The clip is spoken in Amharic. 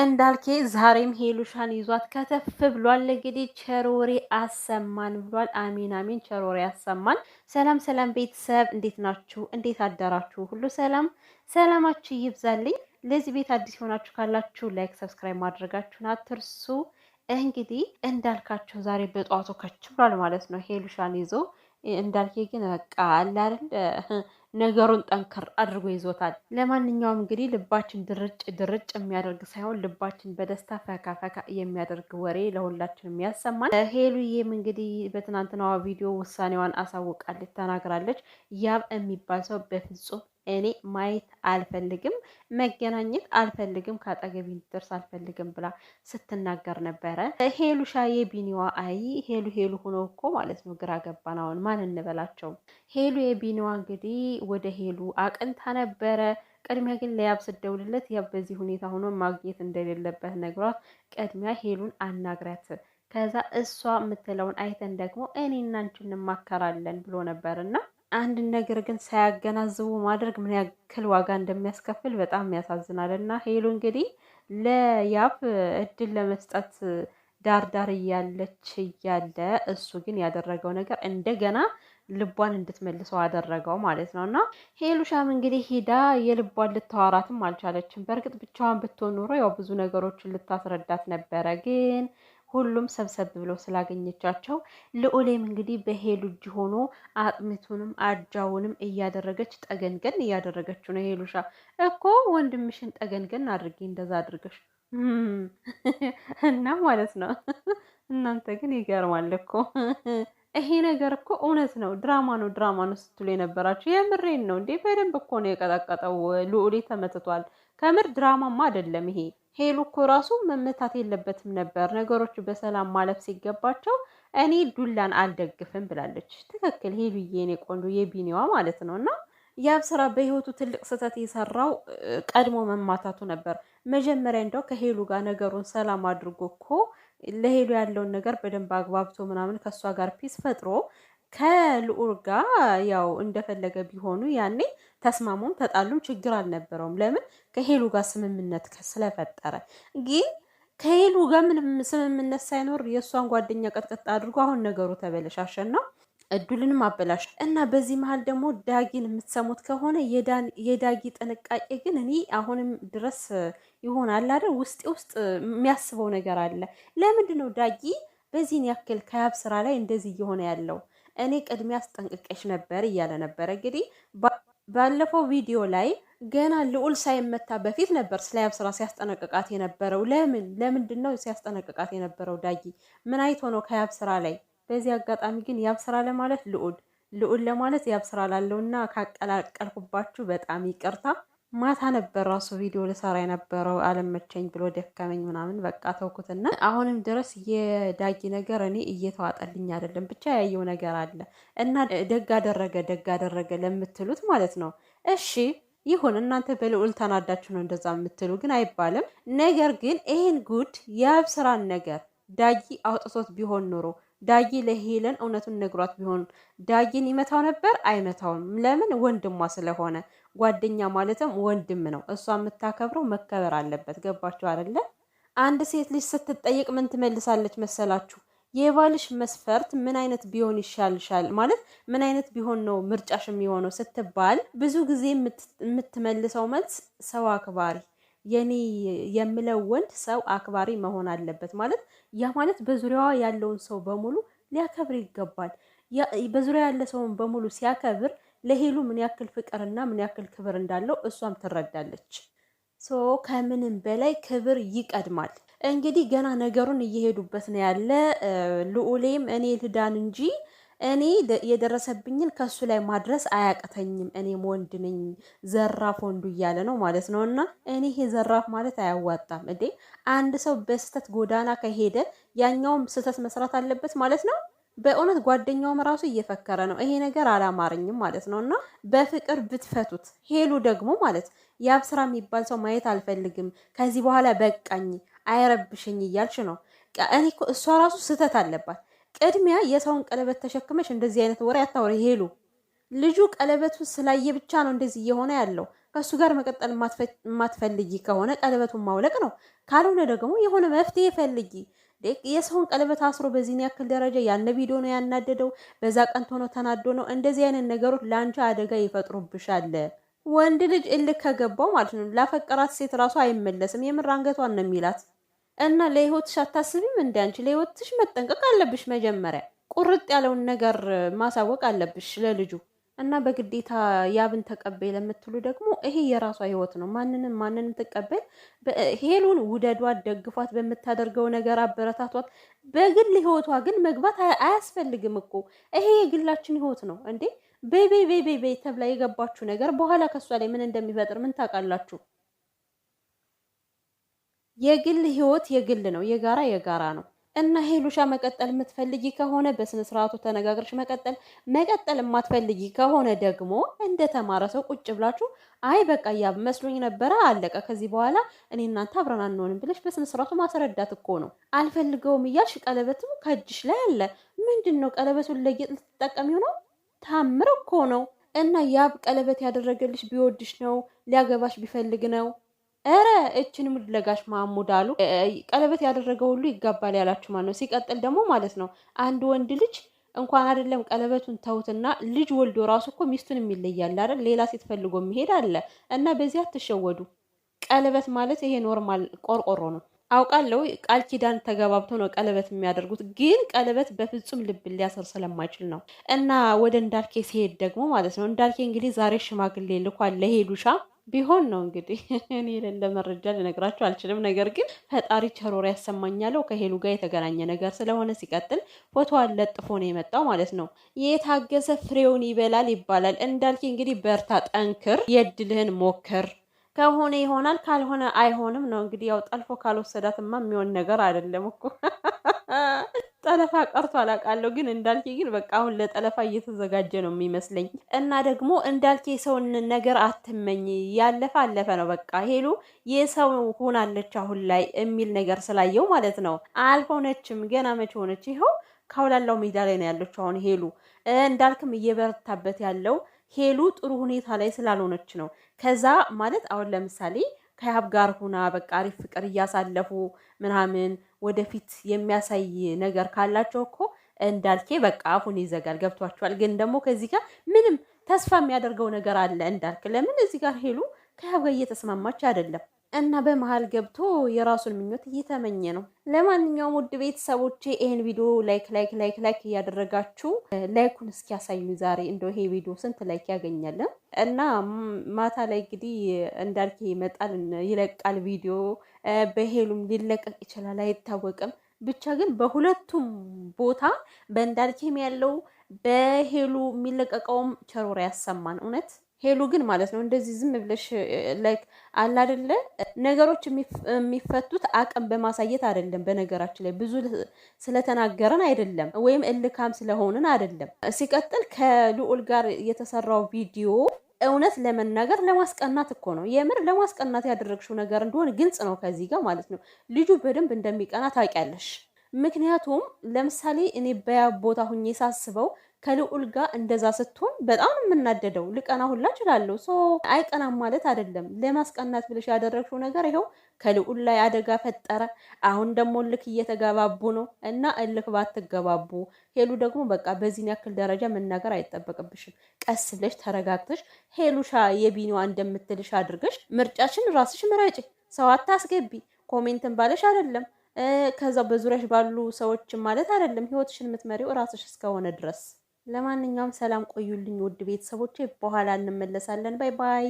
እንዳልኬ ዛሬም ሄሉሻን ይዟት ከተፍ ብሏል። እንግዲህ ቸሮሪ አሰማን ብሏል። አሚን አሚን፣ ቸሮሪ አሰማን። ሰላም ሰላም ቤተሰብ፣ እንዴት ናችሁ? እንዴት አደራችሁ ሁሉ ሰላም ሰላማችሁ ይብዛልኝ። ለዚህ ቤት አዲስ የሆናችሁ ካላችሁ ላይክ፣ ሰብስክራይብ ማድረጋችሁን አትርሱ። እንግዲህ እንዳልካቸው ዛሬ በጠዋቱ ከች ብሏል ማለት ነው ሄሉሻን ይዞ እንዳልኬ ግን በቃ አለ ነገሩን ጠንከር አድርጎ ይዞታል። ለማንኛውም እንግዲህ ልባችን ድርጭ ድርጭ የሚያደርግ ሳይሆን ልባችን በደስታ ፈካ ፈካ የሚያደርግ ወሬ ለሁላችንም ያሰማል። ሄሉዬም እንግዲህ በትናንትናዋ ቪዲዮ ውሳኔዋን አሳውቃለች፣ ተናግራለች። ያብ የሚባል ሰው በፍጹም እኔ ማየት አልፈልግም፣ መገናኘት አልፈልግም፣ ከአጠገቤ እንዲደርስ አልፈልግም ብላ ስትናገር ነበረ። ሄሉ ሻዬ ቢኒዋ አይ ሄሉ ሄሉ ሆኖ እኮ ማለት ነው ግራ ገባን። አሁን ማን እንበላቸው? ሄሉ የቢኒዋ እንግዲህ ወደ ሄሉ አቅንታ ነበረ። ቅድሚያ ግን ለያብ ስደውልለት ያብ በዚህ ሁኔታ ሆኖ ማግኘት እንደሌለበት ነግሯት ቅድሚያ ሄሉን አናግረት ከዛ እሷ የምትለውን አይተን ደግሞ እኔ እናንቺ እንማከራለን ብሎ ነበርና አንድን ነገር ግን ሳያገናዝቡ ማድረግ ምን ያክል ዋጋ እንደሚያስከፍል በጣም ያሳዝናል። እና ሄሉ እንግዲህ ለያብ እድል ለመስጠት ዳርዳር እያለች እያለ እሱ ግን ያደረገው ነገር እንደገና ልቧን እንድትመልሰው አደረገው ማለት ነው። እና ሄሉሻም እንግዲህ ሂዳ የልቧን ልታወራትም አልቻለችም። በእርግጥ ብቻዋን ብትሆን ኑሮ ያው ብዙ ነገሮችን ልታስረዳት ነበረ ግን ሁሉም ሰብሰብ ብለው ስላገኘቻቸው ልዑሌም እንግዲህ በሄሉ እጅ ሆኖ አጥሚቱንም አጃውንም እያደረገች ጠገንገን እያደረገችው ነው። ሄሉሻ እኮ ወንድምሽን ጠገንገን አድርጌ እንደዛ አድርገሽ እና ማለት ነው። እናንተ ግን ይገርማል እኮ ይሄ ነገር እኮ እውነት ነው። ድራማ ነው ድራማ ነው ስትሉ የነበራቸው የምሬን ነው እንዴ? በደንብ እኮ ነው የቀጠቀጠው። ልዑሌ ተመትቷል። ከምር ድራማማ አይደለም ይሄ። ሄሉ እኮ ራሱ መመታት የለበትም ነበር፣ ነገሮች በሰላም ማለፍ ሲገባቸው እኔ ዱላን አልደግፍም ብላለች። ትክክል ሄሉዬ፣ የኔ ቆንጆ የቢኒዋ ማለት ነው። እና ያብ ስራ በህይወቱ ትልቅ ስህተት የሰራው ቀድሞ መማታቱ ነበር። መጀመሪያ እንደው ከሄሉ ጋር ነገሩን ሰላም አድርጎ እኮ ለሄሉ ያለውን ነገር በደንብ አግባብቶ ምናምን ከእሷ ጋር ፒስ ፈጥሮ ከልዑር ጋር ያው እንደፈለገ ቢሆኑ ያኔ ተስማሙም ተጣሉም ችግር አልነበረውም። ለምን ከሄሉ ጋር ስምምነት ስለፈጠረ። ግን ከሄሉ ጋር ምንም ስምምነት ሳይኖር የእሷን ጓደኛ ቀጥቀጥ አድርጎ አሁን ነገሩ ነው እዱልንም አበላሽ እና በዚህ መሀል ደግሞ ዳጊን የምትሰሙት ከሆነ የዳጊ ጥንቃቄ ግን እኔ አሁንም ድረስ ይሆናል አይደል ውስጤ ውስጥ የሚያስበው ነገር አለ። ለምንድን ነው ዳጊ በዚህን ያክል ከያብ ስራ ላይ እንደዚህ እየሆነ ያለው? እኔ ቅድሚያ አስጠንቅቄሽ ነበር እያለ ነበር። እንግዲህ ባለፈው ቪዲዮ ላይ ገና ልዑል ሳይመታ በፊት ነበር ስለ ያብ ስራ ሲያስጠነቅቃት የነበረው። ለምን ለምንድን ነው ሲያስጠነቅቃት የነበረው? ዳጊ ምን አይቶ ነው ከያብ ስራ ላይ? በዚህ አጋጣሚ ግን ያብ ስራ ለማለት ልዑል ልዑል ለማለት ያብ ስራ ላለውና ካቀላቀልኩባችሁ በጣም ይቅርታ። ማታ ነበር ራሱ ቪዲዮ ልሰራ የነበረው አለመቸኝ ብሎ ደከመኝ ምናምን በቃ ተውኩትና፣ አሁንም ድረስ የዳጊ ነገር እኔ እየተዋጠልኝ አይደለም። ብቻ ያየው ነገር አለ እና ደግ አደረገ ደግ አደረገ ለምትሉት ማለት ነው። እሺ ይሁን እናንተ በልዑል ተናዳችሁ ነው እንደዛ የምትሉ ግን አይባልም። ነገር ግን ይህን ጉድ የአብስራን ነገር ዳጊ አውጥቶት ቢሆን ኖሮ ዳጊ ለሄለን እውነቱን ነግሯት ቢሆን ዳጊን ይመታው ነበር? አይመታውም። ለምን? ወንድሟ ስለሆነ ጓደኛ ማለትም ወንድም ነው። እሷ የምታከብረው መከበር አለበት። ገባችሁ አይደለ? አንድ ሴት ልጅ ስትጠይቅ ምን ትመልሳለች መሰላችሁ? የባልሽ መስፈርት ምን አይነት ቢሆን ይሻልሻል? ማለት ምን አይነት ቢሆን ነው ምርጫሽ የሚሆነው ስትባል ብዙ ጊዜ የምትመልሰው መልስ ሰው አክባሪ የኔ የምለው ወንድ ሰው አክባሪ መሆን አለበት። ማለት ያ ማለት በዙሪያዋ ያለውን ሰው በሙሉ ሊያከብር ይገባል። በዙሪያ ያለ ሰውን በሙሉ ሲያከብር ለሄሉ ምን ያክል ፍቅርና ምን ያክል ክብር እንዳለው እሷም ትረዳለች። ሶ ከምንም በላይ ክብር ይቀድማል። እንግዲህ ገና ነገሩን እየሄዱበት ነው ያለ። ልዑሌም እኔ ልዳን እንጂ እኔ የደረሰብኝን ከሱ ላይ ማድረስ አያቅተኝም፣ እኔም ወንድ ነኝ፣ ዘራፍ ወንዱ እያለ ነው ማለት ነው። እና እኔ ይሄ ዘራፍ ማለት አያዋጣም እንዴ! አንድ ሰው በስህተት ጎዳና ከሄደ ያኛውም ስህተት መስራት አለበት ማለት ነው። በእውነት ጓደኛውም ራሱ እየፈከረ ነው። ይሄ ነገር አላማረኝም ማለት ነው። እና በፍቅር ብትፈቱት። ሄሉ ደግሞ ማለት ያብ ስራ የሚባል ሰው ማየት አልፈልግም፣ ከዚህ በኋላ በቃኝ፣ አይረብሽኝ እያልሽ ነው። እኔ እኮ እሷ ራሱ ስህተት አለባት። ቅድሚያ የሰውን ቀለበት ተሸክመሽ እንደዚህ አይነት ወሬ አታውሪ ሄሉ። ልጁ ቀለበቱ ስላየ ብቻ ነው እንደዚህ እየሆነ ያለው። ከእሱ ጋር መቀጠል የማትፈልጊ ከሆነ ቀለበቱን ማውለቅ ነው። ካልሆነ ደግሞ የሆነ መፍትሄ ፈልጊ። የሰውን ቀለበት አስሮ በዚህን ያክል ደረጃ ያነ ቪዲዮ ነው ያናደደው። በዛ ቀን ሆኖ ተናዶ ነው። እንደዚህ አይነት ነገሮች ለአንቺ አደጋ ይፈጥሩብሻል። ወንድ ልጅ እልክ ከገባው ማለት ነው ላፈቀራት ሴት ራሱ አይመለስም። የምር አንገቷን ነው የሚላት። እና ለህይወትሽ አታስቢም? እንደ አንቺ ለህይወትሽ መጠንቀቅ አለብሽ። መጀመሪያ ቁርጥ ያለውን ነገር ማሳወቅ አለብሽ ለልጁ እና በግዴታ ያብን ተቀበይ ለምትሉ ደግሞ ይሄ የራሷ ህይወት ነው። ማንንም ማንንም ትቀበል። ሄሉን ውደዷት፣ ደግፏት፣ በምታደርገው ነገር አበረታቷት። በግል ህይወቷ ግን መግባት አያስፈልግም እኮ ይሄ የግላችን ህይወት ነው እንዴ። ቤቤ ቤቤ ቤ ተብላ የገባችሁ ነገር በኋላ ከሷ ላይ ምን እንደሚፈጥር ምን ታውቃላችሁ? የግል ህይወት የግል ነው፣ የጋራ የጋራ ነው። እና ሄሉሻ መቀጠል የምትፈልጊ ከሆነ በስነ ስርዓቱ ተነጋግረሽ መቀጠል፣ መቀጠል የማትፈልጊ ከሆነ ደግሞ እንደ ተማረ ሰው ቁጭ ብላችሁ አይ በቃ ያ መስሎኝ ነበረ አለቀ፣ ከዚህ በኋላ እኔ እናንተ አብረን አንሆንም ብለሽ በስነ ስርዓቱ ማስረዳት እኮ ነው። አልፈልገውም እያልሽ ቀለበቱ ከእጅሽ ላይ አለ። ምንድን ነው ቀለበቱን ለጌጥ ልትጠቀሚው ነው? ታምር እኮ ነው። እና ያብ ቀለበት ያደረገልሽ ቢወድሽ ነው ሊያገባሽ ቢፈልግ ነው እረ እችን ምድለጋሽ ማሙድ አሉ ቀለበት ያደረገ ሁሉ ይጋባል ያላችሁ ማለት ነው። ሲቀጥል ደግሞ ማለት ነው አንድ ወንድ ልጅ እንኳን አይደለም ቀለበቱን ተውትና ልጅ ወልዶ ራሱ እኮ ሚስቱን የሚለያል አይደል? ሌላ ሴት ፈልጎ የሚሄድ አለ እና በዚህ አትሸወዱ። ቀለበት ማለት ይሄ ኖርማል ቆርቆሮ ነው። አውቃለሁ ቃል ኪዳን ተገባብቶ ነው ቀለበት የሚያደርጉት፣ ግን ቀለበት በፍጹም ልብ ሊያሰር ስለማይችል ነው። እና ወደ እንዳልኬ ሲሄድ ደግሞ ማለት ነው እንዳልኬ እንግዲህ ዛሬ ሽማግሌ ልኳል ለሄዱሻ ቢሆን ነው እንግዲህ እኔ እንደ መረጃ ልነግራቸው አልችልም። ነገር ግን ፈጣሪ ቸሮር ያሰማኛለው ከሄሉ ጋር የተገናኘ ነገር ስለሆነ ሲቀጥል ፎቶዋን ለጥፎ ነው የመጣው ማለት ነው። የታገሰ ፍሬውን ይበላል ይባላል። እንዳልኪ እንግዲህ በርታ፣ ጠንክር፣ የድልህን ሞክር። ከሆነ ይሆናል፣ ካልሆነ አይሆንም ነው እንግዲህ። ያው ጠልፎ ካልወሰዳትማ የሚሆን ነገር አይደለም እኮ ጠለፋ ቀርቶ አላውቃለሁ፣ ግን እንዳልኬ ግን በቃ አሁን ለጠለፋ እየተዘጋጀ ነው የሚመስለኝ። እና ደግሞ እንዳልኬ የሰውን ነገር አትመኝ፣ ያለፈ አለፈ ነው በቃ ሄሉ የሰው ሆናለች አሁን ላይ የሚል ነገር ስላየው ማለት ነው። አልሆነችም፣ ገና መቼ ሆነች? ይኸው ካውላላው ሜዳ ላይ ነው ያለች አሁን ሄሉ። እንዳልክም እየበረታበት ያለው ሄሉ ጥሩ ሁኔታ ላይ ስላልሆነች ነው። ከዛ ማለት አሁን ለምሳሌ ከያብ ጋር ሁና በቃ አሪፍ ፍቅር እያሳለፉ ምናምን ወደፊት የሚያሳይ ነገር ካላቸው እኮ እንዳልኬ በቃ አፉን ይዘጋል። ገብቷቸዋል። ግን ደግሞ ከዚህ ጋር ምንም ተስፋ የሚያደርገው ነገር አለ እንዳልክ። ለምን እዚህ ጋር ሄሉ ከያብ ጋር እየተስማማች አይደለም? እና በመሀል ገብቶ የራሱን ምኞት እየተመኘ ነው። ለማንኛውም ውድ ቤተሰቦቼ ይህን ቪዲዮ ላይክ ላይክ ላይክ ላይክ እያደረጋችሁ ላይኩን እስኪያሳዩ ዛሬ እንደው ይሄ ቪዲዮ ስንት ላይክ ያገኛለን እና ማታ ላይ እንግዲህ እንዳልክ ይመጣል ይለቃል ቪዲዮ በሄሉም ሊለቀቅ ይችላል አይታወቅም። ብቻ ግን በሁለቱም ቦታ በእንዳልኬም ያለው በሄሉ የሚለቀቀውም ቸሮራ ያሰማን እውነት ሄሉ ግን ማለት ነው እንደዚህ ዝም ብለሽ ላይክ አለ አይደለ፣ ነገሮች የሚፈቱት አቅም በማሳየት አይደለም። በነገራችን ላይ ብዙ ስለተናገረን አይደለም፣ ወይም እልካም ስለሆንን አይደለም። ሲቀጥል ከልዑል ጋር የተሰራው ቪዲዮ እውነት ለመናገር ለማስቀናት እኮ ነው። የምር ለማስቀናት ያደረግሽው ነገር እንደሆነ ግልጽ ነው። ከዚህ ጋር ማለት ነው ልጁ በደንብ እንደሚቀና ታውቂያለሽ። ምክንያቱም ለምሳሌ እኔ በያ ቦታ ሁኜ ሳስበው ከልዑል ጋር እንደዛ ስትሆን በጣም የምናደደው ልቀና ሁላ እችላለሁ። አይቀናም ማለት አይደለም። ለማስቀናት ብለሽ ያደረግሽው ነገር ይኸው ከልዑል ላይ አደጋ ፈጠረ። አሁን ደግሞ እልክ እየተገባቡ ነው እና እልክ ባትገባቡ ሄሉ ደግሞ በቃ በዚህን ያክል ደረጃ መናገር አይጠበቅብሽም። ቀስ ብለሽ ተረጋግተሽ ሄሉሻ የቢኒዋ እንደምትልሽ አድርገሽ ምርጫችን ራስሽ ምረጭ። ሰው አታስገቢ። ኮሜንትን ባለሽ አይደለም ከዛ በዙሪያሽ ባሉ ሰዎች ማለት አይደለም። ህይወትሽን የምትመሪው ራስሽ እስከሆነ ድረስ ለማንኛውም ሰላም ቆዩልኝ ውድ ቤተሰቦቼ፣ በኋላ እንመለሳለን። ባይ ባይ።